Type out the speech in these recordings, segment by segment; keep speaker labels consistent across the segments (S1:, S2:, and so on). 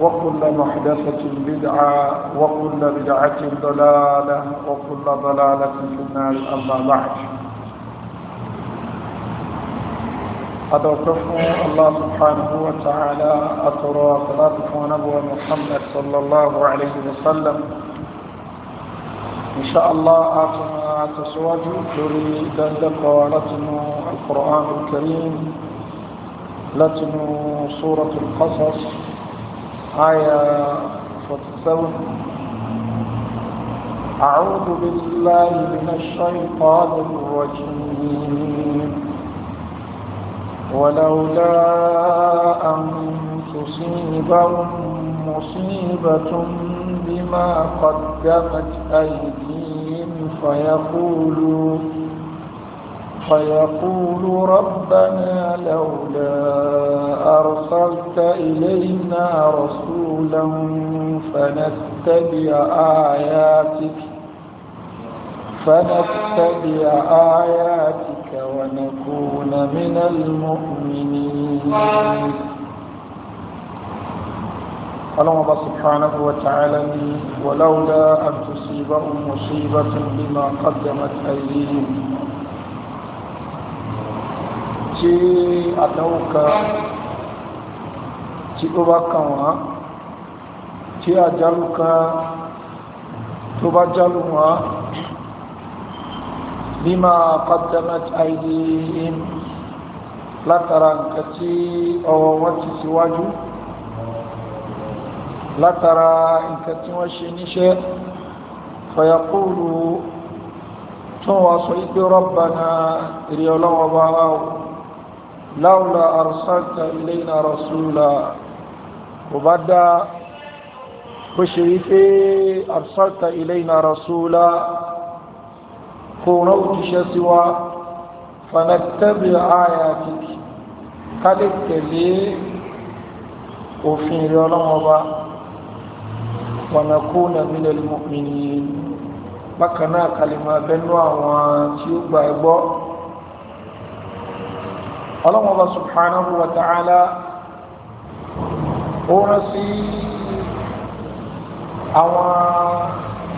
S1: وكل محدثة بدعة وكل بدعة ضلالة وكل ضلالة في النار أما بعد أدركم الله سبحانه وتعالى أترى صلاة ونبوة محمد صلى الله عليه وسلم إن شاء الله أعطنا تسواج تريد لقارتنا القرآن الكريم لتن سورة القصص آية 47 أعوذ بالله من الشيطان الرجيم ولولا أن تصيبهم مصيبة بما قدمت أيديهم فيقولوا فيقول ربنا لولا أرسلت إلينا رسولا فنتبع آياتك فنتبع آياتك ونكون من المؤمنين اللهم سبحانه وتعالى ولولا أن تصيبهم مصيبة بما قدمت أيديهم tí àdánwò kan tí ó bá kàn wọ́n tí àjálù kan tó bá jálù wọ́n bima qaddamat aydihim látara nǹkan tí ọwọ́ wọn ti síwájú látara nǹkan tí wọ́n ṣe níṣẹ́ fayaqulu tún wá sọ ipé rabbana ìrì ọlọ́wọ́ bá wá láwùlà àrùsáàtà ilayna rasúlà kò bá dá kó ṣe wípé àrùsáàtà ilayna rasúlà kò rán òjíṣẹ́ sí wa fanattabi ayatik ká lè tẹ̀lé òfin rẹ̀ ọlọ́wọ́ bá wa nakuna minal mu'minin bákan náà kalima bẹnu àwọn tí ó gbà ẹgbọ́ ọlọ́wọ́n bá subhanahu wa ta'ala ó rán sí àwọn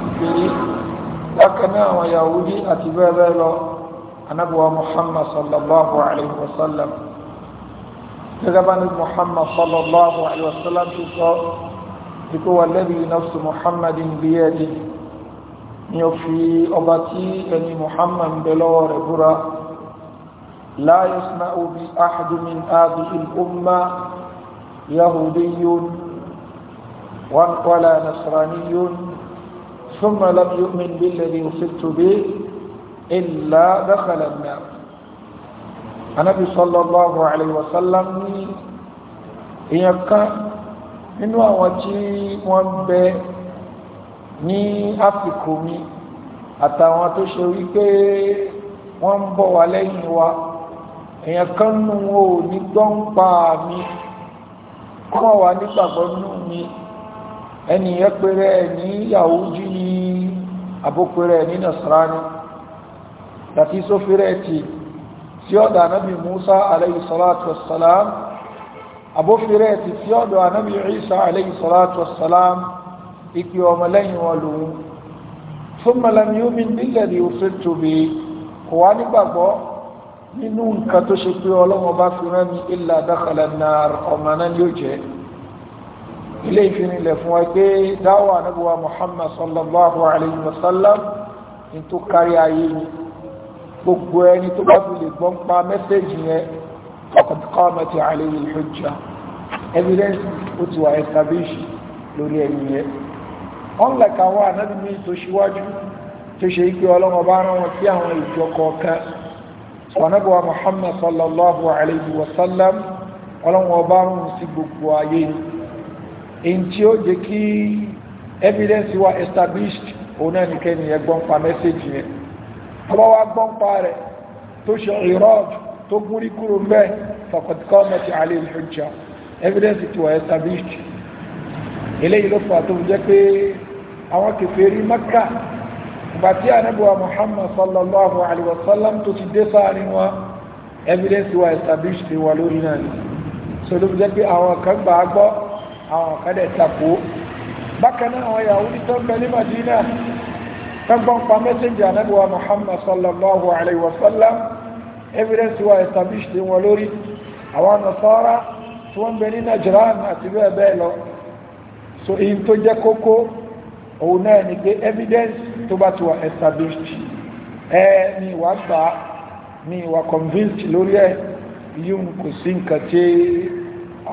S1: ìgbèrè lákanáà àwọn yahudi àti bẹ́ẹ̀ bẹ́ẹ̀ lọ anábíwá muhammad sallallahu alayhi wa sallam gẹ́gẹ́ bá ní muhammad sallallahu alayhi wa sallam ti sọ ikú wa lẹ́bi nafsu muhammadin biyadi ni ó fi ọba tí ẹni muhammad bẹ lọ́wọ́ rẹ̀ búra لا يسمع بأحد من هذه الأمة يهودي ولا نصراني ثم لم يؤمن بالذي وصلت به إلا دخل النار النبي صلى الله عليه وسلم يكا nínú àwọn tí wọ́n bẹ ní áfíríkù àtàwọn tó ṣe wípé wọ́n ń bọ̀ wá lẹ́yìn wa èèyàn kan nù wọn ò ní gbọ́n pa mi kọ́ wà nígbàgbọ́ nù mi ẹnìyẹn péré ẹ̀ ní Yahudi ní abópéré ẹ̀ ní Nasrani láti sófẹ́rẹ́ ti tí ọ̀dọ̀ anábì Musa alayhi salatu wassalam abófẹ́rẹ́ ti tí ọ̀dọ̀ anábì Isa alayhi salatu ọmọlẹ́yìn wọn lòun fún malam yumin nílẹ̀ ni ó fẹ́ tóbi kò wá nígbàgbọ́ nínú nǹkan tó ṣe pé ọlọ́wọ́ bá fi rán mi ilà dákàlà náà ọmọ náà yóò jẹ́ ilé ìfinilẹ̀ fún wa pé dáwà anábíwá muhammad sallallahu alayhi wa sallam ní tó kárí ayé ni gbogbo ẹni tó bá fi lè gbọ́n pa mẹ́sẹ̀jì yẹn ọkàn kọ́mẹ̀tì alayhi hujja evidence ó ti wà establish lórí ẹni yẹn unlike àwọn anábìmí tó ṣíwájú tó ṣe ike ọlọ́wọ́ bá rán wọn sí àwọn ìjọ sọ̀nàbọ̀ Muhammad sallallahu alayhi wa sallam ọlọ́run ọba rùn sí gbogbo ayé in tí ó jẹ́ kí evidence wa established òun náà nìkẹ́ni ẹ gbọ́npa mẹ́sẹ̀jì yẹn ọba wa gbọ́npa rẹ̀ tó ṣe ìrọ́ọ̀dù tó gúnrí kúrò mẹ́ faqad qamat evidence ti wà established eléyìí ló tó jẹ́ pé àwọn kèfèrí Makkah ìgbà tí anábíwá muhammad sallallahu alaihi wasallam tó ti dé sáàrin wa evidence wa established ti wà lórí náà ni so ló fi jẹ́ pé àwọn kan gbà á gbọ́ àwọn kan dẹ̀ takò bákan náà àwọn yahoo tó ń bẹ ní madina tagbọn pa messenger anabiwa muhammad sallallahu alaihi wasallam evidence wa established wọn lórí àwọn nasara tí wọ́n bẹ ní najran àti bẹ́ẹ̀ bẹ́ẹ̀ lọ so èyí tó jẹ́ kókó òun náà ni pé evidence tó bá ti wà established ẹ mi wà gbà mi wà convinced lórí ẹ yíò kò sí nǹkan tí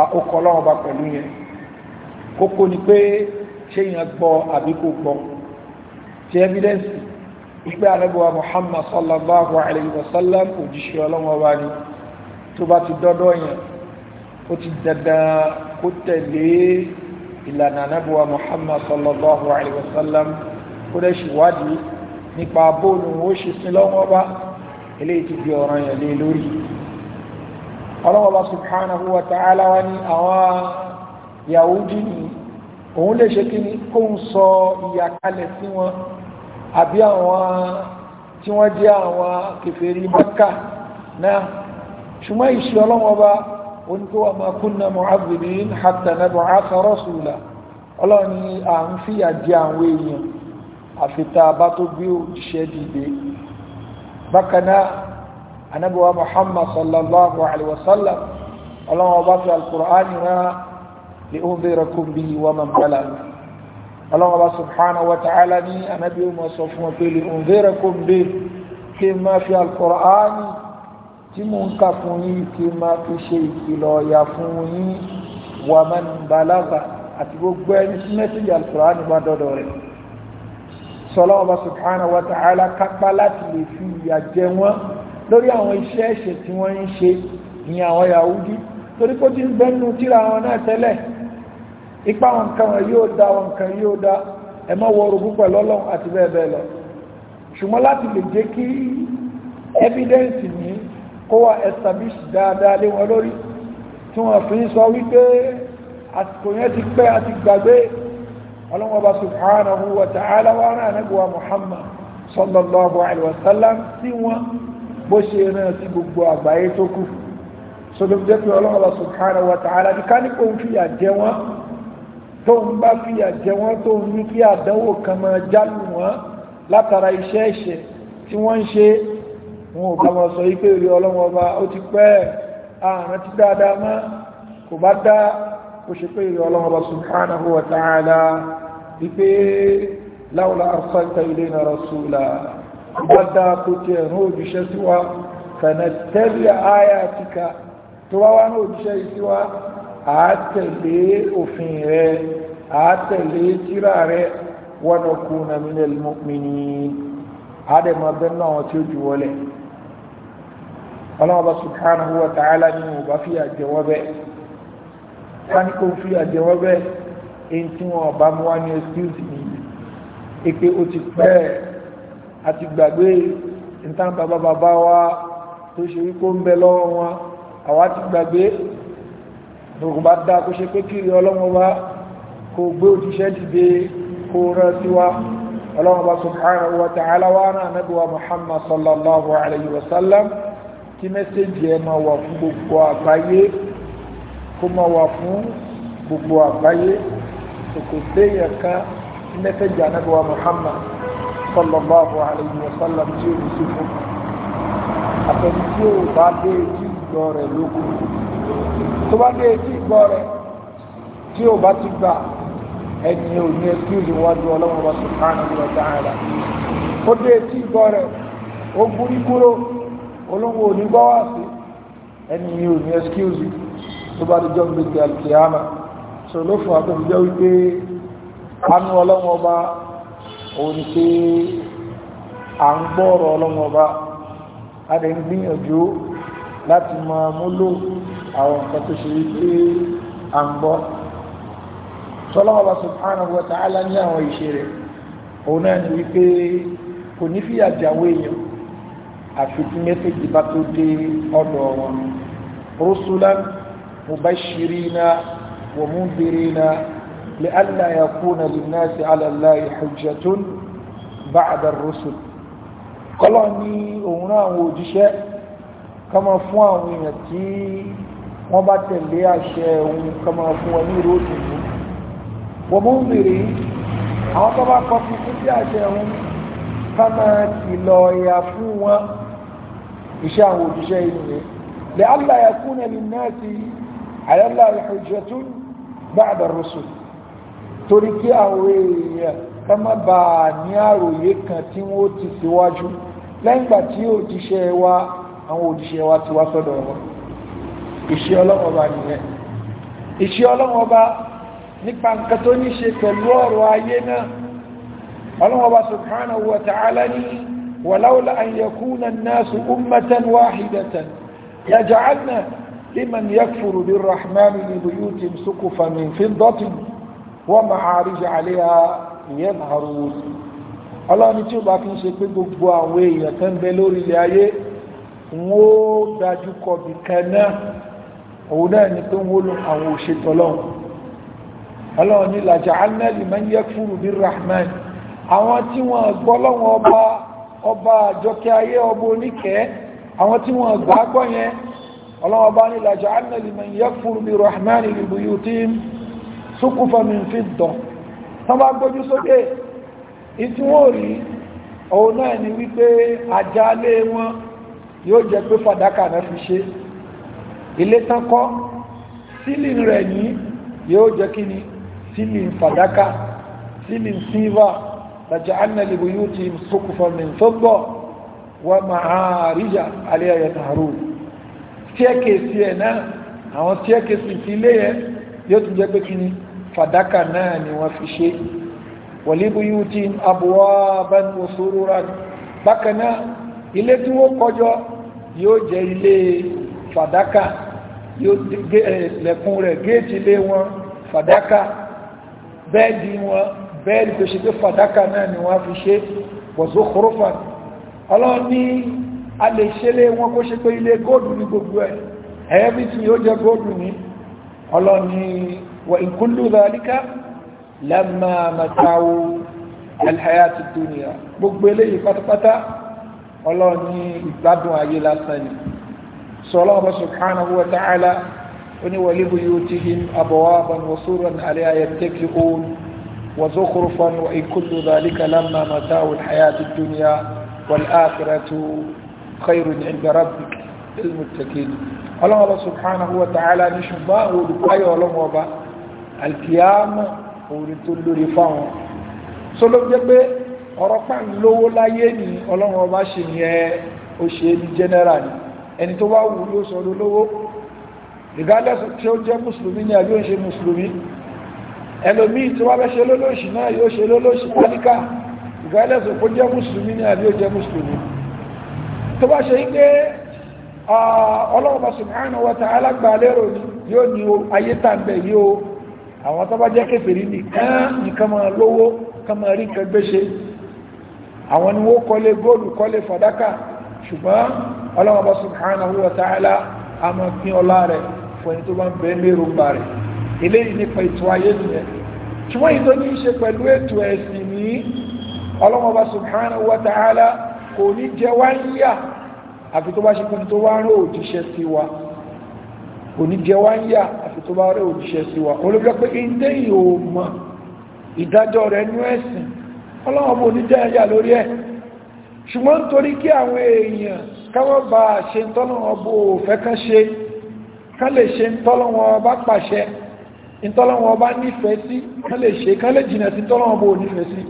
S1: àkókò ọlọ́run bá pẹ̀lú yẹn kókó ni pé ṣé yẹn gbọ́ àbí kò gbọ́ ti evidence ìgbé àrẹ́bùwà Muhammad sallallahu alayhi wa sallam òjíṣẹ́ ọlọ́run ọba ni tó bá ti dọ́dọ̀ yẹn ó ti dandan kó tẹ̀lé ìlànà anábíwá muhammad sallallahu alayhi wa sallam kó dẹ̀ ṣèwádìí nípa bóòlù ó ṣe sin lọ́wọ́ bá eléyìí ti di ọ̀ràn yẹn lé lórí ọlọ́wọ́ bá subhanahu wa ta'ala wa ní àwọn yahudi ni òun lè ṣe kí ni kó ń sọ ìyàkalẹ̀ sí wọn àbí àwọn tí wọ́n jẹ́ àwọn kèfèrí mọ́kà náà ṣùgbọ́n ìṣe ọlọ́wọ́ bá oníkó wa máa kúnna mu'adhibin hatta nab'atha rasula ọlọ́run ni à ń fìyà jẹ àwọn èèyàn àfitá bá tó gbé òjíṣẹ́ dìde bákan náà ànábì wa muhammad sallallahu alaihi wasallam ọlọ́run ọba fi alkùránì rán lè ó bèèrè kún bí wọ́n máa bala ọlọ́run ọba subhanahu wa ta'ala ní ànábì ó sọ fún ọ pé lè ó bèèrè kún bí kí n máa fi alkùránì tí mò ń kà fún yín kí n máa fi ṣe ìkìlọ̀ ọ̀yà fún yín wà man balagha àti gbogbo ẹni tí mẹ́sẹ̀jì alukùránì bá dọ́dọ̀ rẹ̀ sọlá ọba subhanahu wa ta'ala kápá láti lè fi ìyà jẹ wọn lórí àwọn iṣẹ́ ẹ̀ṣẹ̀ tí wọ́n ń ṣe ní àwọn yahudi torí kó ti ń bẹ́nu tíra wọn náà tẹ́lẹ̀ ipa wọn kan wọn yóò dá wọn kan yóò dá ẹ má wọ orogún pẹ̀lú àti bẹ́ẹ̀ bẹ́ẹ̀ lọ ṣùgbọ́n láti lè jẹ́ kí evidence ní kó wà establish dáadáa lé wọn lórí tí wọ́n fi ń sọ wípé àsìkò yẹn ti pẹ́ àti gbàgbé ọlọ́wọ́ba subhanahu wa ta'ala wa náà nẹ́gbọ́wà muhammad sallallahu alaihi wasallam tí wọ́n bó ṣe náà sí gbogbo àgbáyé tó kù so ló jẹ́ pé ọlọ́wọ́ba subhanahu wa ta'ala ní káníkò ń fìyà jẹ wọ́n tó ń bá fìyà jẹ wọ́n tó ń ní kí àdánwò kan máa jálù wọ́n látara iṣẹ́ ẹ̀ṣẹ̀ tí wọ́n ń ṣe wọn ò bá wọn sọ ipé rí ọlọ́wọ́ ọba ó ti pẹ́ ààrùn ti dáadáa mọ́ kò bá dá ó ṣe pé rí ọlọ́wọ́ ọba subhanahu wa ta'ala wípé láwùlá arsalta ilayna rasula bá dá kó ti ẹ̀rún òjíṣẹ́ sí wa fanatẹ́lẹ̀ ayatika tó wá wá ní ọlọ́ọ̀bá subhanahu wa ta'ala nínú ọba fi àjẹwọ́ bẹ́ẹ̀ sani kò fi àjẹwọ́ bẹ́ẹ̀ èyí tí wọn ọba mú wá ní excuse ni èpè ó ti pẹ́ àti gbàgbé ìtàn bàbá bàbá wa tó ṣe wípé ó ń bẹ lọ́wọ́ wọn àwa ti gbàgbé lóògùn bá dá kó ṣe pé kiri ọlọ́wọ́ bá kò gbé òjíṣẹ́ dìde kó rán sí wa ọlọ́wọ́ bá subhanahu wa ta'ala wa náà nabi muhammad sallallahu alayhi wa sallam kí mẹ́sẹ̀jì ẹ máa wà fún gbogbo àgbáyé kó máa wà fún gbogbo àgbáyé kò séèyàn kan kí mẹ́sẹ̀jì anábíwá Muhammad sallallahu alayhi wa sallam tí ó ní sí fún àtẹni tí ó bá dé etí ìgbọ́ rẹ̀ lóko tó bá dé etí ìgbọ́ rẹ̀ tí ó bá ti gbà ẹni ò ní ẹkúrì wájú ọlọ́run wa subhanahu wa ta'ala ó dé etí ìgbọ́ rẹ̀ ó gúrí kúrò olóńgbò ò ní gbọ́ wá sí ẹni yìí ò ní excuse tó bá ti jọ ń gbèsè alkiyama so ló fún àtọ́ ìjọ wípé anú ọlọ́wọ́ ọba òun pé à ń gbọ́ọ̀rọ̀ ọlọ́wọ́ ọba a lè ń gbìyànjú láti máa múlò àwọn nǹkan tó ṣe wípé à ń gbọ́ sọlọ́wọ́ ọba subhanahu wa ta'ala ní àwọn ìṣe rẹ̀ òun náà ni wípé kò ní fìyà jàwé èèyàn àfi tí mẹ́sẹ̀jì bá tó dé ọ̀dọ̀ wọn rusulan mubashirina wa mundirina li'alla yakuna linnasi ala Allahi hujjatun ba'da ar-rusul kọ́lọ̀ ní òun náà àwọn òjíṣẹ́ kama fún àwọn èèyàn tí wọ́n bá tẹ̀lé àṣẹ òun kama fún wọn ní ìròdù wọ́n mú bèèrè àwọn tó bá kọ́ fún sí àṣẹ òun kama kìlọ̀ ẹ̀yà fún wọn iṣẹ́ àwọn òjíṣẹ́ ìyẹn lè aláyà kúnà lè náà ti àyálà ìhùjẹ́ tó bá àdàrọ̀sọ̀ torí kí àwọn èèyàn ká má bà ní àròyé kan tí wọ́n ti síwájú lẹ́yìngbà tí òjíṣẹ́ wa àwọn òjíṣẹ́ nípa nǹkan tó ní ṣe pẹ̀lú ọ̀rọ̀ ayé náà ọlọ́wọ́ bá subhanahu wa ta'ala ní ولولا أن يكون الناس أمة واحدة يجعلنا لمن يكفر بالرحمن لبيوتهم سقفا من فضة ومعارج عليها يظهرون ọlọ́run tí ó bá fi ń ṣe pé gbogbo àwọn èèyàn kan bẹ lórí ilẹ̀ ayé wọ́n ó dájú kọ bí òun náà ni pé wọ́n lo àwọn òṣètò ọlọ́run ọlọ́run ní laja'alna liman yakfuru birrahman àwọn tí wọ́n gbọ́ lọ́wọ́ ọba ọba àjọkẹ́ ayé ọba oníkẹ́ àwọn tí wọ́n gbà gbọ́ yẹn ọlọ́wọ́ bá ní làjọ annaliman yakfuru bí rahmani li buyutim sukufa min fidda tán bá gbójú sókè ìtí wọ́n rí òun náà ni wípé àjálé wọn yóò jẹ́ pé fàdákà náà fi ṣe ilé tán kọ́ sílìn rẹ̀ ní yóò jẹ́ kí ni sílìn fàdákà sílìn silver فجعلنا لبيوتهم سقفا من فضة ومعارج عليها يطهرون tíẹ́kèsí ẹ̀ náà àwọn tíẹ́kèsí ti ilé ẹ̀ yóò tún jẹ́ pé kí ni fàdákà náà ni wọ́n fi ṣe walibuyutin abwaban wa sururan bákan náà ilé tí wọ́n kọjọ yóò jẹ́ ilé fàdákà yóò lẹ̀kùn rẹ̀ géètì ilé wọn fàdákà bẹ́ẹ̀dì wọn bẹ́ẹ̀lì tó ṣe pé fàdákà náà ni wọ́n fi ṣe pọ̀só kúrúfà ọlọ́run ní a lè ṣe lé wọn kó ṣe pé ilé góòdù ní gbogbo ẹ̀ ẹ̀ẹ́bí tí yóò jẹ góòdù ní ọlọ́run ní wà ìkúlù zalika lẹ́mà mẹ́tàwó alhayati dunia gbogbo eléyìí pátápátá ọlọ́run ní وزخرفا وإن كل ذلك لما متاع الحياة الدنيا والآخرة خير عند ربك للمتقين الله سبحانه وتعالى نشبا ولقاي ولموبا القيام ورتل رفاه sọlọ jẹ pé ọ̀rọ̀ pa ń lówó láyé ni Ọlọ́run ọba ṣe yẹn ó ṣe ní general ni ẹni tó bá wù yóò sọ lólówó regardless tí ó jẹ́ mùsùlùmí ni àbí ó ń ṣe mùsùlùmí ẹlòmíì tí wọ́n fẹ́ ṣe lólóṣì náà yóò ṣe lólóṣì pálíkà ìgbàlẹ́sùn kó jẹ́ mùsùlùmí ní àbí ó jẹ́ mùsùlùmí tó bá ṣe ń gbé ọlọ́wọ́ subhanahu wa ta'ala gbà lérò ní yóò ní ayé tàbẹ̀ yóò àwọn tó bá jẹ́ kèfèrí nìkan nìkan máa lówó kan rí nǹkan gbéṣe àwọn ni wọ́n kọ́lé góòlù kọ́lé fàdákà ṣùgbọ́n ọlọ́wọ́ subhanahu wa ta'ala a máa pín ọlá rẹ̀ fún ẹni tó bá ń bẹ́ẹ̀ lérò ń bá rẹ̀ eléyìí nípa ètò ayé nìyẹn ṣùgbọ́n ìtò ní ṣe pẹ̀lú ètò ẹ̀sìn ní ọlọ́mọba subhanahu wa ta'ala kò ní jẹ wá ń yà àfi tó bá ṣe kún tó wá ń rò òjíṣẹ́ sí wa kò ní jẹ wá ń yà àfi tó bá rò òjíṣẹ́ sí wa olùgbẹ́ pé ìdẹ́ ìhò mọ̀ ìdájọ́ rẹ̀ nú ẹ̀sìn ọlọ́mọba ò ní jẹ́ ẹ̀yà lórí ẹ̀ ṣùgbọ́n torí kí àwọn èèyàn káwọ́ bá ṣe ń tọ́lọ́wọ́ bó fẹ́ kán ṣe kán lè ṣe ń tọ́lọ́wọ́ bá pàṣẹ ìtọ́lọ́wọ́ bá nífẹ̀ẹ́ sí kán lè ṣe kán lè jìnà sí tọ́lọ́wọ́ bó nífẹ̀ẹ́ sí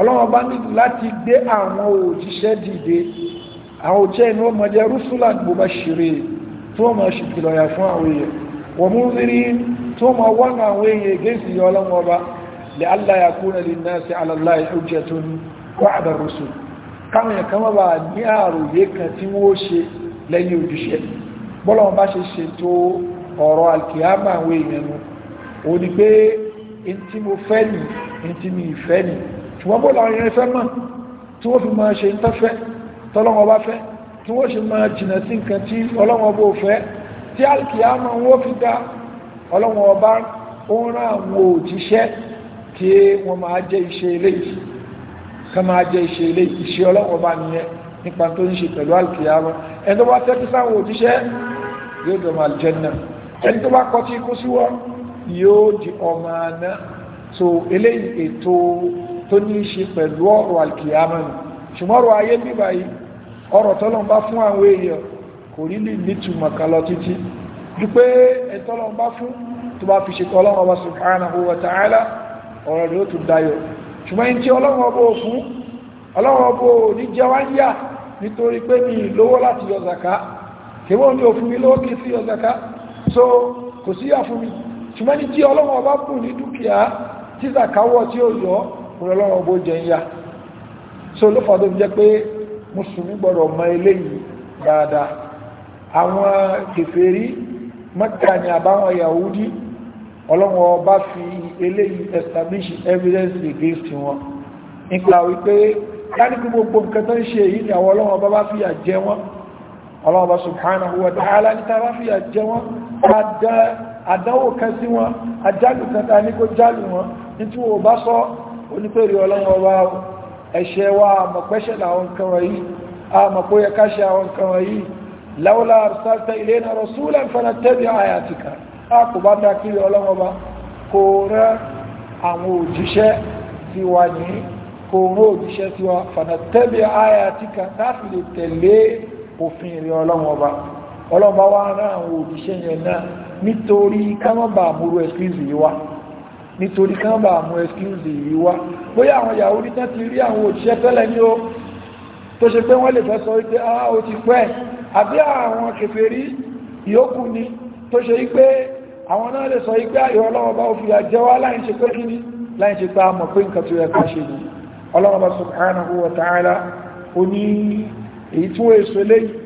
S1: ọlọ́wọ́ bá ní láti gbé àwọn òjíṣẹ́ dìde àwọn òjíṣẹ́ inú ọmọdé rúsùlà gbogbo ṣeré tó mọ̀ ṣe kìlọ̀yà fún àwọn èèyàn wọ́n mú rírí tó mọ̀ wọ́n àwọn èèyàn gẹ́sì ọlọ́wọ́ bá lè aláyàkúnà lè náà sí aláláì ọjọ́ tó ní wọ́n àbẹ̀ rúsùl káwọn ọ̀rọ̀ alkiyama àwọn èèyàn nù ó ní pé in tí mo fẹ́ nì in tí mi fẹ́ nì ṣùgbọ́n bó làwọn irin fẹ́ mọ̀ tí wọ́n fi máa ṣe ń tọ́fẹ́ tọ́lọ́wọ́ bá fẹ́ tí wọ́n ṣe máa jìnà sí nǹkan tí ọlọ́wọ́ bó fẹ́ tí alkiyama wọ́n fi dá ọlọ́wọ́ bá ó rán àwọn òjíṣẹ́ tí wọ́n máa jẹ́ iṣẹ́ eléyìí ká máa jẹ́ iṣẹ́ eléyìí iṣẹ́ ọlọ́wọ́ bá nìyẹn nípa tó ń ṣe pẹ̀lú alkiyama ẹni tó bá tẹ́tí sáwọn òjíṣẹ́ yóò dọ̀mọ̀ aljanna ẹni tó bá kọtí ikú sí yóò di ọmọ aná so eléyìí ètò tó ní í ṣe pẹ̀lú ọ̀rọ̀ alkiyama nù ṣùgbọ́n ọ̀rọ̀ ayé bíbá yìí ọ̀rọ̀ tọ́lọ́n bá fún àwọn èèyàn kò rí lè nítumọ̀ kan lọ títí ju pé ẹ̀tọ́lọ́n fún tó bá fi ṣe tọ́lọ́n ọba ta'ala ọ̀rọ̀ rẹ̀ ó tún dayọ̀ ṣùgbọ́n ẹni tí ọlọ́run ọba ò fún ọlọ́run ọba ò ní jẹ́ wá yá nítorí pé mi lówó láti yọ zaka so kò sí yà fún mi ṣùgbọ́n ní tí ọlọ́wọ́ bá kù ní dúkìá tí zakawọ́ tí ó yọ ọlọ́wọ́ bó jẹ ń yá so ló fàdó jẹ́ pé mùsùlùmí gbọ́dọ̀ mọ eléyìí dáadáa àwọn kèfèrí mẹ́ta àbáwọn yahudi ọlọ́wọ́ bá fi eléyìí establish evidence against wọn nípa wípé káníkù gbogbo nǹkan tó ń ṣe èyí ni àwọn ọlọ́wọ́ bá bá fìyà jẹ wọn ọlọ́wọ́ subhanahu wa ta'ala ní ta bá jẹ wọn bá dá àdánwò kan sí wọn àjálù kan tá ní kó jálù wọn ní tí wọ́n bá sọ onípèrè ọlọ́wọ́ wa ẹ̀ṣẹ̀ wa àmọ̀pẹ́ṣẹ̀ làwọn nǹkan wọ̀nyí àmọ̀póyẹ káṣẹ àwọn nǹkan wọ̀nyí láwọ́lá àrùsáta ilé na rọ̀súlẹ̀ fẹ́nà tẹ́bí àyàtìkà àpò bá dákìrí ọlọ́wọ́ba kò rán àwọn òjíṣẹ́ ti wà ní ọlọ́mọ wa rán àwọn òjíṣẹ́ yẹn náà nítorí kámọ́bà àmúrú ẹ̀skíùsì yìí wá nítorí kámọ́bà àmú ẹ̀skíùsì yìí wá bóyá àwọn ìyàwó ní tán ti rí àwọn òjíṣẹ́ tẹ́lẹ̀ ní ó tó ṣe pé wọ́n lè fẹ́ sọ wípé a ah, ó ti pẹ́ àbí àwọn kèfèrí ìyókù ni tó ṣe wípé àwọn náà lè sọ wípé ayọ̀ ah, ọlọ́mọba ò fìyà jẹ wá láì ṣe pé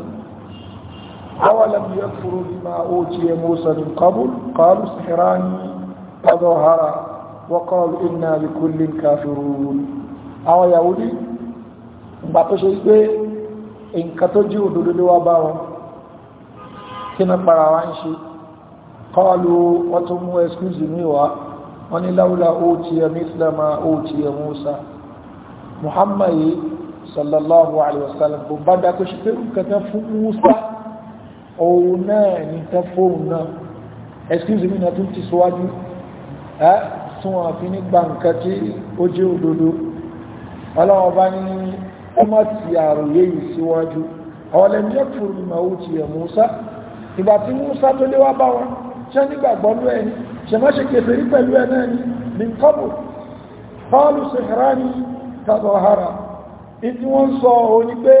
S1: أولم يكفروا بما أوتي موسى من قبل قالوا سحران تظاهرا وقال إنا بكل كافرون أو يهودي باتشي إن كتجي ودلوا باو كنا براوانشي قالوا وتموا اسكوزني وا وني لولا أوتي مثل ما أوتي موسى محمد صلى الله عليه وسلم بدأ كشفر كتف موسى òun náà ní tán fóun náà excuse me náà tún ti síwájú ẹ́ tún wọn fi ní gba nǹkan tí ó jẹ́ òdodo ọlọ́wọ́n bá ní ọmọ ti àròyé yìí síwájú ọ̀lẹ́ Musa ìgbà tí Musa tó lé wá bá wọn ni min kọ́bù fọ́ọ̀lù sèhránì tàbọ̀hárà ìtí wọ́n sọ òní pé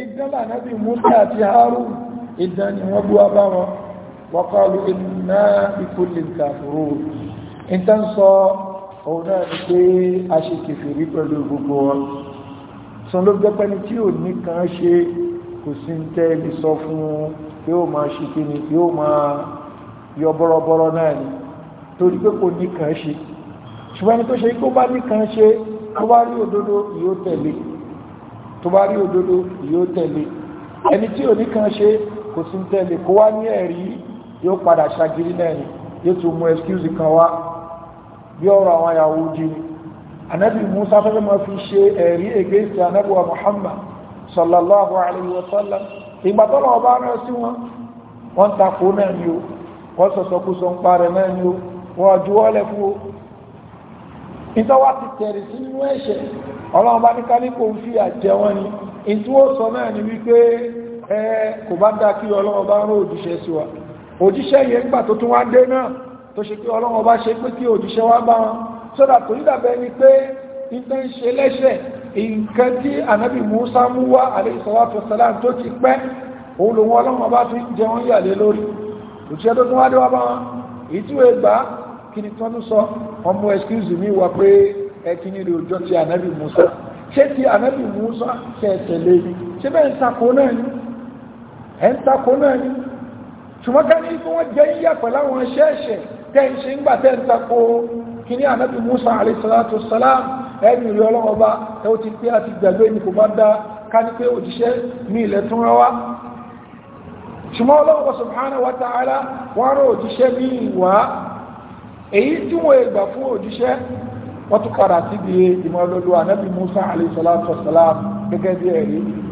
S1: ìgbẹ́lá náà bí Musa àti Harun ìdán ni wọ́n bú abá wọn wọ́kọ́lù iná ìkúlì kàfúrú ìtàn sọ òun náà ni pé a ṣe kèfèrí pẹ̀lú gbogbo wọn sọ ló jẹ́ pẹ́ni tí ò ní kan ṣe kò sí ń tẹ́ ibi sọ fún yóò máa ṣe kí ni yóò máa yọ bọ́rọ̀bọ́rọ̀ náà ni torí pé kò ní kan ṣe ṣùgbọ́n ni tó ṣe kó bá ní kan ṣe tó bá rí òdodo yóò tẹ̀lé tó bá rí òdodo yóò tẹ̀lé ẹni tí ò ní kan ṣe kò sí ń tẹ̀lé kó wá ní ẹ̀rí yóò padà ṣàgírí náà ni yóò tún mú excuse kan wá bí ọ̀rọ̀ àwọn Yahudi ni anabi musa fẹ́fẹ́ máa fi ṣe ẹ̀rí against anabi muhammad sallallahu alayhi wa sallam ìgbà tọ́lọ̀ ọba rẹ̀ sí wọn wọ́n takò náà ni o wọ́n sọ̀sọ̀kúsọ ń parẹ̀ náà ni o wọ́n juwọ́lẹ̀ fún o ìtọ́wà ti tẹ̀rì sí nínú ẹ̀ṣẹ̀ ọlọ́run bá ní kálíkò ń fi àjẹ wọn ni ìtúwọ́sọ náà ni wípé ẹ kò bá dá kí ọlọ́wọ́ bá rán òjíṣẹ́ sí wa òjíṣẹ́ yẹn gbà tó tún wá dé náà tó ṣe pé ọlọ́wọ́ bá ṣe pé kí òjíṣẹ́ wá bá wọn sódà kò nídàbẹ́ ni pé nǹkan ń ṣe lẹ́ṣẹ̀ nǹkan tí ànábì Musa mú wá àlẹ́sọ̀wáfẹ́ sàlám ti pẹ́ excuse mi wà pé ẹ kí ni òjò ti ànábì Musa ṣé ti ṣe bẹ́ẹ̀ ń sako náà ni ẹ̀ ń takò náà ni ṣùgbọ́n ká ní kí wọ́n jẹ́ yíyà pẹ̀lú àwọn ṣẹ́ẹ̀ṣẹ̀ tẹ́ ń ṣe kí ní ànábì Musa alayhi salatu salam ẹni ìrí ọlọ́wọ́ bá ẹ ó ti pé àti gbàgbé ní kò bá dá subhanahu wa ta'ala wọ́n rán òjíṣẹ́ ní ìwà èyí tí wọ́n gbà fún òjíṣẹ́ wọ́n tún padà Musa alayhi salatu salam gẹ́gẹ́ bí ẹ̀rí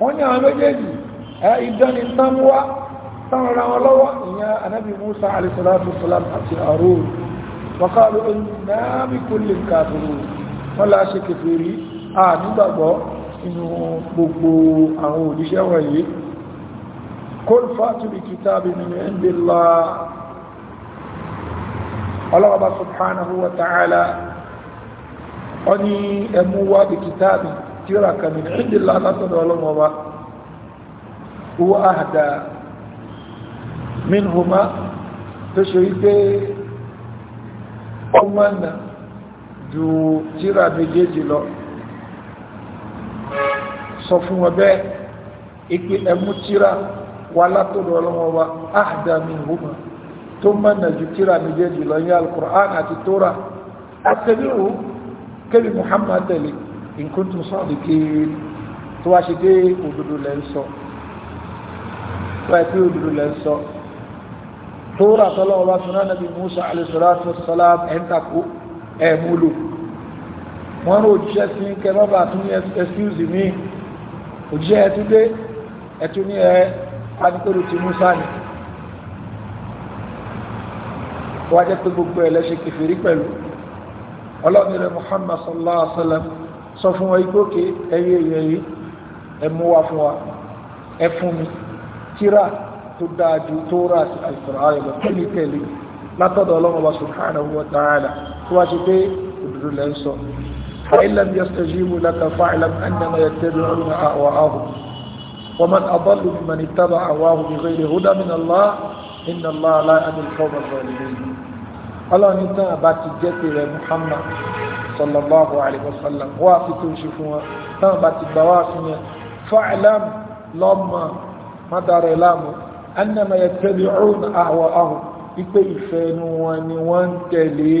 S1: wọ́n ní àwọn méjèèjì ìdánì tánwá tánra wọn lọ́wọ́ ìyá anábì musa alisalatu salam àti arun wakalu onáàbí kulli kàfìrù wọ́n láṣe kèfèrí a nígbàgbọ́ inú gbogbo àwọn òdíṣẹ́ wọ̀nyí kol fatuli kitabi min indillah ọlọ́wọ́ bá subhanahu tíra kan ní ìdílá látọ̀dọ̀ ọlọ́mọba wọ́n àdá mínhùmá tó ṣe wípé ọmọ ẹ̀nà ju tíra méjèèjì lọ sọ fún wọn bẹ́ẹ̀ ipe ẹmú tíra wà látọ̀dọ̀ ọlọ́mọba àdá mínhùmá tó mọ̀nà ju tíra méjèèjì lọ ní al àti tóra kẹ́lì Muhammad tẹ̀lẹ́ in kuntum sadiqin tó wá ṣe pé òdodo lẹ́ ń sọ tó wá pé òdodo lẹ́ ń sọ tó rà tọ́lọ́ ọba suná nàbí Musa alayhi salatu wassalam ẹ̀ ń takò ẹ̀ múlò wọ́n rò jíṣẹ́ sí kẹfàbà tún ní excuse me òjíṣẹ́ ẹ̀ dé ẹ̀ ní ẹ̀ adìpẹ́rù ti Musa ni wọ́n á jẹ́ pé gbogbo ẹ̀ lẹ́ṣẹ̀ kẹfìrí pẹ̀lú ọlọ́ọ̀nì rẹ̀ Muhammad sallallahu alayhi wa sallam sọ fún wọn ikú òkè ẹyí ẹyí ẹyí ẹ mú wa fún wa ẹ fún mi tíra tó dáa ju tó rà sí Al-Qur'an ààrẹ lọ kí ni tẹ̀lé látọ̀dọ̀ ọlọ́run ọba subhanahu wa ta'ala tó wá ti pé òdòdó lẹ́ ń sọ فإن لم يستجيبوا لك أنما يتبعون أهواءهم ومن أضل ممن اتبع أهواه بغير هدى من الله إن الله لا يهدي القوم الظالمين. الله نتا باتي محمد sallallahu alayhi wa sallam wá sí tó ṣe fún wa táwọn bá ti gbà wá sí yẹn fa'lam lọ́mọ má dára ẹ̀ láàmú annama yattabi'una ahwa'ahum wípé ìfẹ́ ni wọ́n ni wọ́n ń tẹ̀lé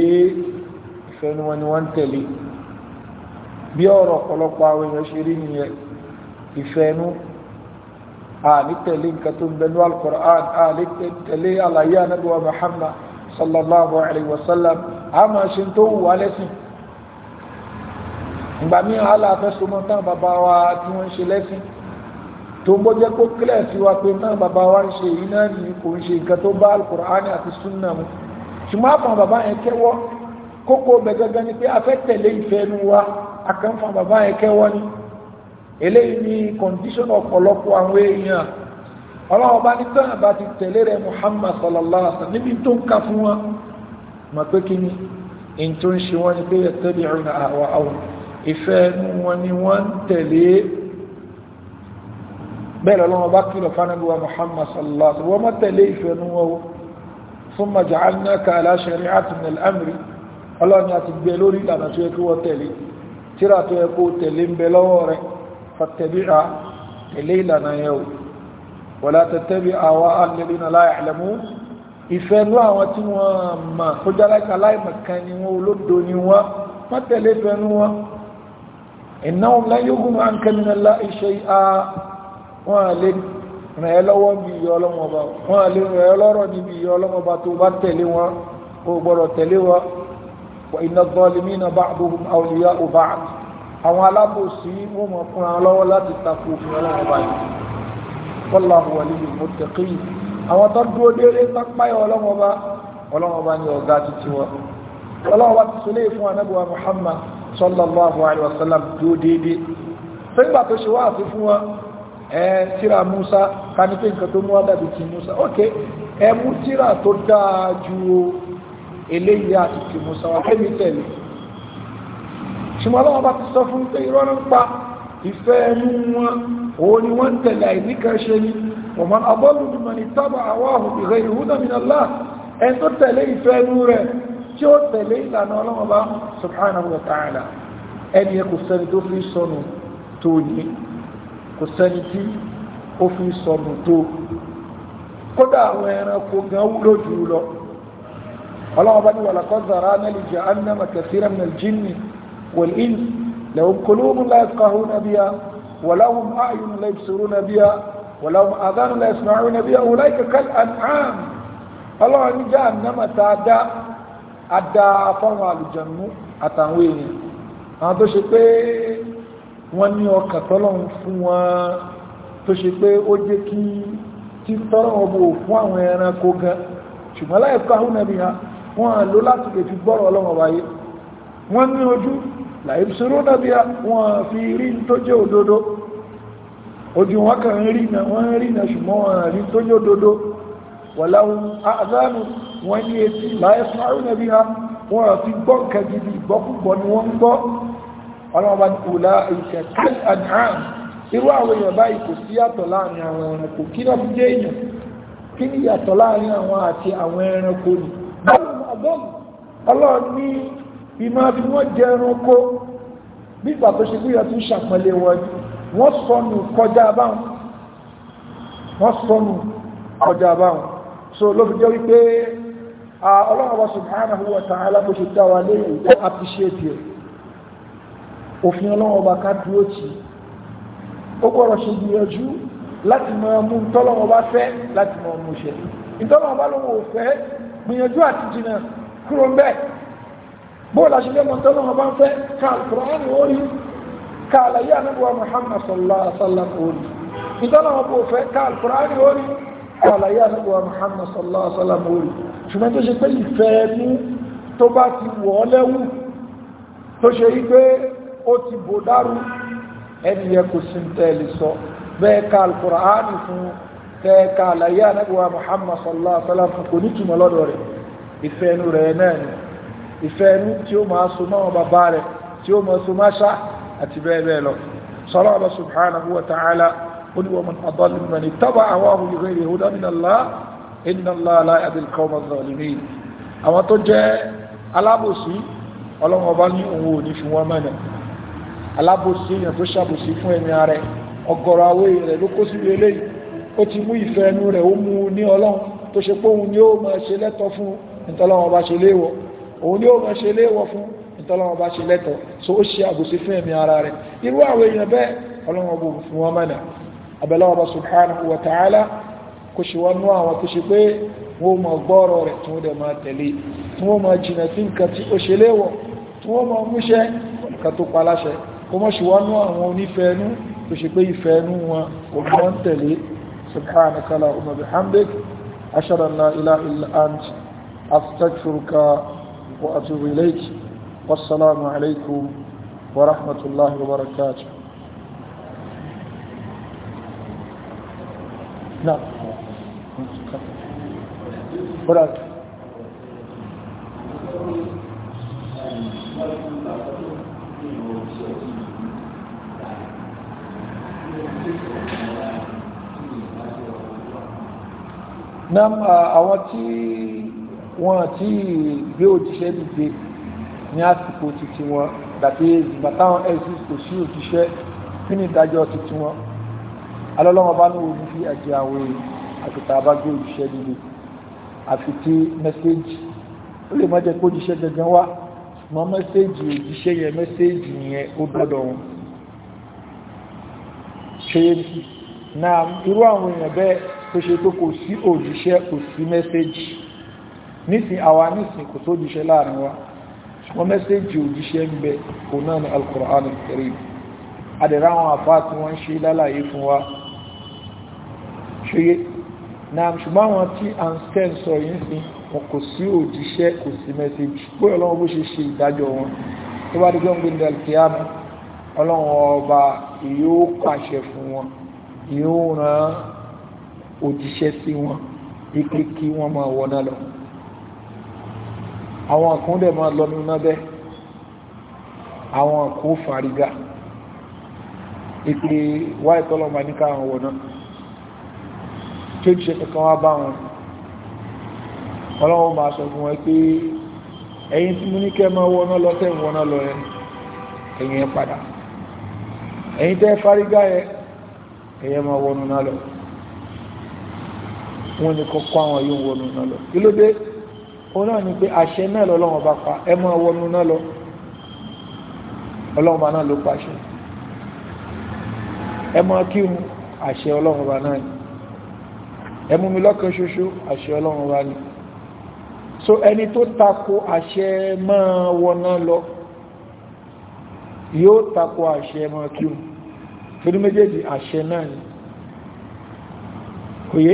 S1: ìfẹ́ ni wọ́n ni wọ́n ń tẹ̀lé bí ọ̀rọ̀ ọ̀pọ̀lọpọ̀ àwọn èèyàn ṣe rí nìyẹn ìfẹ́ nu àní tẹ̀lé nǹkan tó ń bẹnu al-Qur'an àní tẹ̀lé àlàyé anábíwá Muhammad sallallahu alayhi wa a máa ṣe tó wù lẹ́sìn ìgbà míì hálà afẹ́sọmọ táwọn bàbá wa tí wọ́n ń ṣe lẹ́sìn tó ń bọ́jẹ́ kó kílẹ̀ sí wa pé náà bàbá wa ń ṣe yìí náà ní kò ń ṣe nǹkan tó bá alukur'ani àti sunna mu ṣùgbọ́n àfọ̀n bàbá yẹn kẹ́wọ́ kókó bẹ̀ gẹ́gẹ́ ni pé afẹ́ tẹ̀lé ìfẹ́ nu wa akẹ́fọ̀n bàbá yẹn kẹ́wọ́ ni eléyìí ni condition ọ̀pọ̀lọpọ̀ àwọn èèyàn ọlọ́wọ́ bá ní tán àbá ti tẹ̀lé rẹ̀ Muhammad sallallahu alaihi wasallam níbi tó ń ka fún wọn mọ̀ pé kí ni ìfẹ́ ẹnu wọn ni wọ́n ń tẹ̀lé bẹ́ẹ̀ lọ́lọ́wọ́ bá kìlọ̀ fánàlúwà Muhammad sallallahu alaihi wa sallam tẹ̀lé ìfẹ́ ẹnu wọn thumma ja'alnaka ala shari'atin min al-amri ọlọ́ni àti gbé lórí ìlànà tó yẹ kí wọ́n tẹ̀lé tíra tó yẹ kó tẹ̀lé ń bẹ ìfẹ́ ẹnu àwọn tí wọ́n mọ̀ kó jálákà láìmọ̀kan ni wọ́n olódo ni wọ́n má tẹ̀lé ìfẹ́ innahum la yughnu anka min Allahi shay'a wọ́n à lè ràn ẹ́ lọ́wọ́ bí iye ọlọ́mọba wọ́n à lè ràn ẹ́ lọ́rọ̀ níbi iye ọlọ́mọba tó bá tẹ̀lé wọn kò gbọ́dọ̀ tẹ̀lé wọn wa inna adh-dhalimina ba'duhum awliya'u ba'd àwọn alábòsí wọ́n mọ̀ fún ara lọ́wọ́ láti takò òfin ọlọ́mọba yìí wallahu sallallahu alaihi wasallam tó dédé fẹ́gbà tó ṣe wáàsí fún wọn ẹ tíra Musa ká ní pé nǹkan tó mú wá dàbí ti Musa ok ẹ mú tíra tó dáa ju eléyìí àti ti Musa wà kẹ́mi tẹ̀lé ṣùgbọ́n ọlọ́wọ́ bá ti sọ fún pé irọ́ ń pa ìfẹ́ ẹnu wọn òun ni wọ́n tẹ̀lé àìníkan ṣe ni wọ́n máa mọ̀ ní tábà àwọn àhùn ìrẹ́ láà ẹ tó tẹ̀lé ìfẹ́ ẹnu rẹ̀ tí ó tẹ̀lé ìlànà ọlọ́wọ́n bá subhanahu wa ta'ala ẹni yẹn kò sẹ́ni tó fi sọnù tó ní kò sẹ́ni tí ó fi sọnù tó kódà àwọn ẹranko gan wúlò jù lọ ọlọ́wọ́n bá ní wa laqad zara'na li jahannama kathiran min al-jinni wal-insi lahum qulubun la yafqahuna biha wa lahum a'yunun la yubsiruna biha wa lahum adhanun la yasma'una biha ulaika Ada fáwọn àlùjànnú àtàwọn èèyàn àwọn tó ṣe pé wọ́n ní ọkàn tọ́lọ́run fún wọn tó ṣe pé ó jẹ́ kí tí tọ́lọ́run ọbọ̀ fún àwọn ẹranko gan ṣùgbọ́n láìpẹ́ àwọn ẹbí ha wọ́n lò láti lè fi gbọ́rọ̀ ọlọ́run wáyé na wọ́n ń rí na ṣùgbọ́n wọn àzánù wọ́n ní etí láyẹ̀sùn àrùn ẹbí ha wọ́n fi gbọ́ nǹkan gidi ìgbọ́kúgbọ́ ni wọ́n ń gbọ́ ọlọ́ọ̀bá ní òlà ìṣẹ̀ káì àdáhàn irú àwọn èèyàn báyìí kò sí yàtọ̀ láàrin àwọn ẹranko kí náà fi jẹ́ èèyàn kí ni yàtọ̀ láàrin àwọn àti àwọn ẹranko ni bọ́ọ̀lù ọlọ́ọ̀ ní ìmọ̀ bí wọ́n jẹ ẹranko bí ìgbà ṣe gbéyà tún ṣàpẹlẹ wọn wọ́n sọnù kọjá báwọn wọ́n sọnù kọjá báwọn so ló fi jẹ́ wípé Ah, ọlọ́wọ́ subhanahu wa ta'ala bó ṣe dáwà lẹ́yìn tó appreciate ẹ̀ òfin ọlọ́wọ́ bá ká dúró tì ó gbọ́rọ̀ ṣe gbìyànjú láti máa mú tọ́lọ́wọ́ bá fẹ́ láti máa mú ṣe ìtọ́lọ́wọ́ bá lọ́wọ́ fẹ́ gbìyànjú àti jìnà kúrò ń bẹ́ẹ̀ bóòlù àṣìlẹ̀ mọ̀ tọ́lọ́wọ́ bá fẹ́ ká Al-Qur'an orí ká àlàyé ànábùwà Muhammad sallallahu alaihi wasallam orí ìtọ́lọ́wọ́ bó fẹ́ ká Al-Qur'an orí ká àlàyé ànábùwà Muhammad sallallahu alaihi wasallam orí ṣùgbọ́n tó ṣe pé ìfẹ́ ẹnu tó bá ti wọ̀ ọ́ lẹ́wù tó ṣe rí pé ó ti bò dárú ẹniyẹ kò sí tẹ́lì sọ bẹ́ẹ̀ ka alkùránì fún tẹ́ẹ̀ ka àlàyé anábíwá Muhammad sallallahu alaihi wasallam kò ní túmọ̀ lọ́dọ̀ rẹ̀ ìfẹ́ ẹnu rẹ̀ náà ni ìfẹ́ ẹnu tí ó máa so Allah inna Allaha la yahdil qawma adh-dhalimin àwọn tó jẹ́ alábòsí ọlọ́run ọba ní òun ò ní fi wọ́n mẹ́nà alábòsí èèyàn tó ṣàbòsí fún ẹ̀mí ààrẹ ọgọ́rọ̀ awé rẹ̀ ló kó síbi eléyìí ó ti mú ìfẹ́ ẹnu rẹ̀ ó mú ní ọlọ́run tó ṣe pé òun ni ó máa ṣe lẹ́tọ̀ fún ìtọ́lọ́run ọba ṣe léèwọ̀ òun ni ó máa ṣe léèwọ̀ fún ìtọ́lọ́run ọba ṣe lẹ́tọ̀ so ó ṣe àbòsí fún ẹ̀mí ara rẹ̀ irú àwọn èèyàn bẹ́ẹ̀ ọlọ́run ọba fún wọn mẹ́nà abẹ́lẹ́ ọba subhanahu wa ta'ala kò ṣe wá nú àwọn tó ṣe pé wọ́n mọ̀ gbọ́rọ̀ rẹ̀ tí wọ́n dẹ̀ máa tẹ̀lé tí wọ́n mọ̀ jìnà sí nǹkan tí ó ṣe léwọ̀ tí wọ́n mọ̀ múṣẹ́ nǹkan tó paláṣẹ kó mọ̀ ṣe wá nú àwọn onífẹ́ẹnú tó ṣe pé Brothers. Nam àwọn tí wọ́n ti gbé òjíṣẹ́ dìde ní àsìkò títí wọn dàbí ìgbà táwọn ẹ̀sìn kò sí òjíṣẹ́ kí ni ìdájọ́ títí wọn. Alọ́lọ́wọ́ bá ní òun fi ẹ̀jẹ̀ àwọn èèyàn àti òjíṣẹ́ dìde àfi tí mẹ́sẹ́jì ó lè má jẹ́ kó jíṣẹ́ gangan wá mọ́ mẹ́sẹ́jì òjíṣẹ́ yẹn mẹ́sẹ́jì yẹn ó dọ́dọ̀ wọn ṣe na irú àwọn èèyàn bẹ́ẹ̀ tó ṣe tó kò sí òjíṣẹ́ kò sí mẹ́sẹ́jì nísìn àwa nísìn kò tó jíṣẹ́ láàrin wa ṣùgbọ́n mẹ́sẹ́jì òjíṣẹ́ ń bẹ kò náà ní Al-Qur'an Al-Karim adẹ̀rẹ̀ àwọn àfáà tí wọ́n ń ṣe lálàyé fún wa ṣe náà ṣùgbọ́n àwọn tí à ń stem sọ yìí sí wọn kò sí òjíṣẹ́ kò sí mẹ́sẹ̀jì pé ọlọ́run bó ṣe ṣe ìdájọ́ wọn tó bá dúgbọ́n gbé ndẹ̀ kíámù ọlọ́run ọba yóò pàṣẹ fún wọn yóò rán òjíṣẹ́ sí àwọn kan máa lọ nínú náà bẹ́ẹ̀ àwọn kan fàrígà ìpè wáyé ní káwọn wọ̀ kéèkì ṣe kankan wá bá wọn ọlọ́wọ́ máa sọ fún wọn pé ẹ̀yin tí mo ní kẹ́ máa wọná lọ tẹ́ wọná lọ rẹ ẹ̀yin ẹ padà ẹ̀yin tẹ́ fárígá yẹ ẹ̀yẹ máa wọnú náà lọ wọn ni kọ́kọ́ àwọn yóò wọnú náà lọ kí ló dé òun náà ni pé àṣẹ náà lọ́lọ́wọ́ bá pa ẹ máa wọnú náà lọ ọlọ́wọ́ bá náà ló pàṣẹ ẹ máa kírun àṣẹ ọlọ́wọ́ bá náà ni ẹmú mi lọ́kan ṣoṣo àṣẹ ọlọ́run wa ni so ẹni tó tako àṣẹ máa wọná lọ yóò tako àṣẹ máa kí o torí méjèèjì àṣẹ náà ni kò yé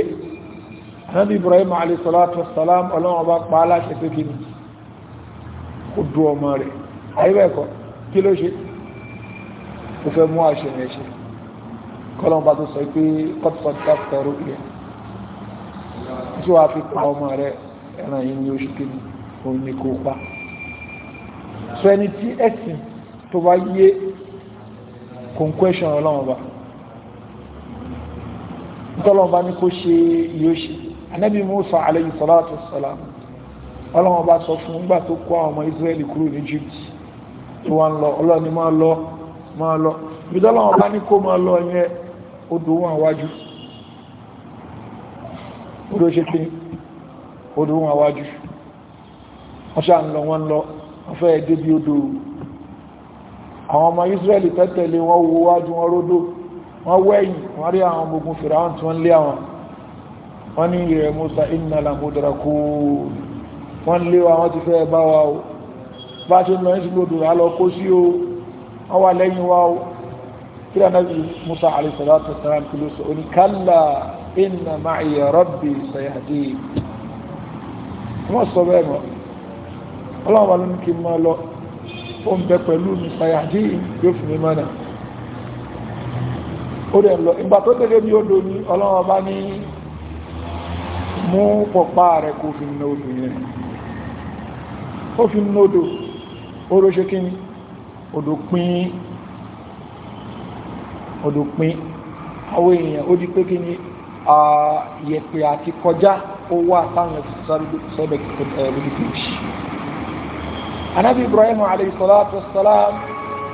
S1: anábì ibrahim alayhisalatu wasalam ọlọ́run bá pa aláṣẹ pé kí ni kò dú ọmọ rẹ̀ ayébẹ̀ẹ́kọ́ kí ló ṣe ó fẹ́ mú àṣẹ mẹ́ṣe kọ́lọ́run bá tó sọ pé kọ́tùkọ́tù káfíkà rúkìá tí wàá fi pa ọmọ rẹ ẹran yìí ní oṣù kìíní òun ni kò pa so ẹni tí ẹ̀sìn tó bá yé kò ń kwẹ́sàn ọlọ́run bá tọ́lọ́run bá ní kó ṣe yóò ṣe anábì Musa alayhi salatu wassalam ọlọ́run sọ fún nígbà tó kó ọmọ Israẹli kúrò ní Egypt tó wá ń lọ ọlọ́run ni máa lọ máa lọ ibi tọ́lọ́run bá ní kó máa lọ yẹn odò wọn àwájú ló ṣe pé odò wọn wájú wọ́n ṣá ń lọ wọ́n lọ wọ́n fẹ́ débi odò àwọn ọmọ Israẹli tẹ́tẹ̀lé wọ́n wo wájú wọn ródò wọ́n wẹ́yìn wọ́n rí àwọn ọmọ ogun fìrà tí wọ́n lé àwọn wọ́n ní ìrẹ̀ Musa inna lamudraku wọ́n lé wa wọ́n ti fẹ́ bá wa o bá ṣe lọ sí lódò alọ kó sí o wọ́n wà lẹ́yìn wa o inna ma'iya rabbi sayahdi wọ́n sọ bẹ́ẹ̀ mọ́ ọlọ́run wà lónìí kí n máa lọ ó ń bẹ pẹ̀lú mi sayahdi yóò fún mi mọ́nà ó dẹ̀ lọ ìgbà tó tẹ́lẹ̀ bí ó do ní ọlọ́run bá ní mú pọ̀pá rẹ̀ kó fi ní obìnrin ó fi ní odò oró ṣe kí odò pín odò pín àwọn èèyàn ó di pé kí a àti kọjá ó wà táwọn ẹ̀sùn sọ́dọ̀ lórí kejì. anábì ibrahim aleyhisalatu salam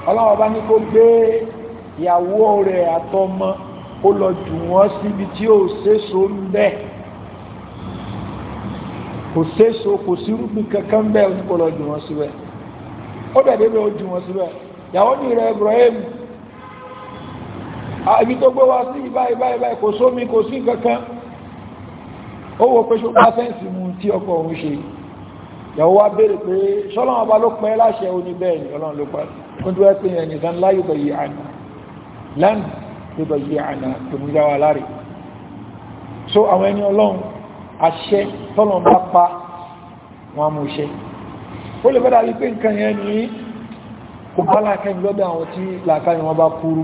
S1: ọlọ́wọ́ bá ní kó gbé ìyàwó rẹ̀ àtọmọ ó lọ jù wọ́n síbi tí ó séso ń bẹ́ kò séso kò sí rúgbìn kankan bẹ́ẹ̀ ó ní kó lọ jù wọ́n síbẹ̀ ó dẹ̀ débẹ̀ ó jù wọ́n síbẹ̀ ìyàwó ní rẹ̀ ibrahim Ah, ibi tó gbé wá sí ìbáyìí báyìí kò sómi kò sí kankan ó wò pé ṣùgbọ́n afẹ́ǹsì mu tí ọkọ òun ṣe ìyàwó wa béèrè pé ṣọ́lọ́wọ́n ọba ló pẹ́ láṣẹ oníbẹ̀ẹ́ni ọlọ́run ló pa ó dúró pé ẹni ìsan láyé bẹ̀ yìí àná lẹ́nu ló bẹ̀ yìí wa láre so àwọn ẹni ọlọ́run àṣẹ tọ́lọ́n bá pa wọn mú kò bá láàkẹ́ lọ́dọ̀ àwọn tí làákàyè wọn bá kúrú